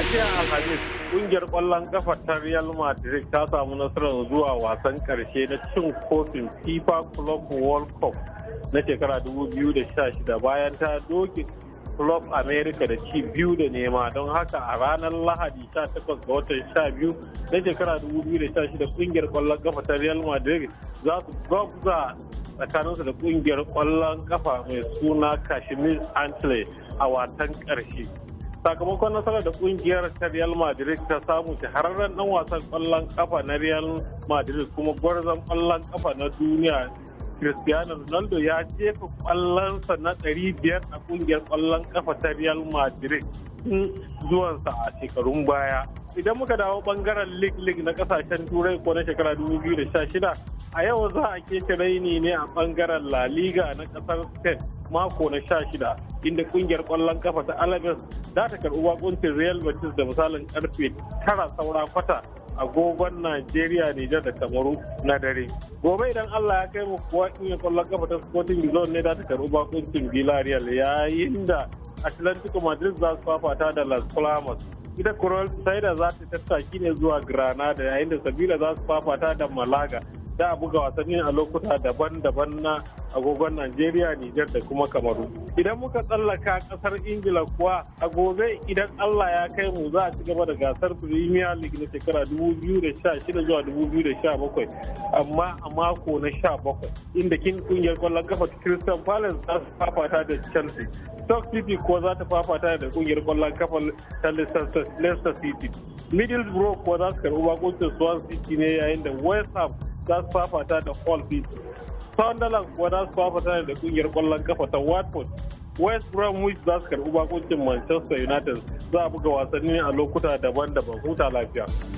A jiya Alhamis, kungiyar kwallon kafa ta Real Madrid ta samu nasarar zuwa wasan karshe na cin kofin FIFA Club World Cup na shekara 2016 bayan ta doke Club America da ci biyu da nema don haka a ranar Lahadi 18 ga watan 12 na shekara 2016 kungiyar kwallon kafa ta Real Madrid za su gwabza tsakaninsu da kungiyar kwallon kafa mai suna Kashmir Antlers a watan karshe. sakamakon nasarar da kungiyar ta Real Madrid ta samu shahararren dan wasan kwallon kafa na Real Madrid kuma gwarzon kwallon kafa na duniya Cristiano Ronaldo ya jefa kwallonsa na 500 a kungiyar kwallon kafa ta Real Madrid mm, zuwansa a shekarun baya. idan muka dawo bangaren league league na kasashen turai ko na shekara 2016 a yau za a keta raini ne a bangaren la liga na kasar spain mako na 16 inda kungiyar kwallon kafa ta alabes za ta karbi wakuncin real betis da misalin karfe tara saura kwata agogon Najeriya, Nijar da Kamaru na dare. Gobe idan Allah ya kai mu kuwa in ya kwallon kafa ta Sporting Zone ne da ta karɓi bakuncin Villarreal yayin da Atlantico Madrid za su fafata da Las Palmas. ita Cruzeiro za ta tattaki ne zuwa Granada yayin da Sabila za su fafata da Malaga. Za a buga wasannin a lokuta daban-daban na agogon Najeriya, Nijar da kuma Kamaru. Idan muka tsallaka kasar Ingila kuwa a gobe idan Allah ya kai mu za a ci gaba da gasar Premier League na shekara 2016 zuwa 2017 amma a mako na 17 inda kin kungiyar kwallon kafa Crystal Palace za su fafata da Chelsea. Stoke City kuwa za ta fafata da kungiyar kwallon kafa ta Leicester City. Middlesbrough kuwa za su karɓi bakuncin Swansea City ne yayin da West Ham za su fafata da Hull City. Sunderland kuwa za su fafata da kungiyar kwallon kafa ta Watford. West Bromwich za su karɓi bakuncin Manchester United za a buga wasanni a lokuta daban-daban huta lafiya.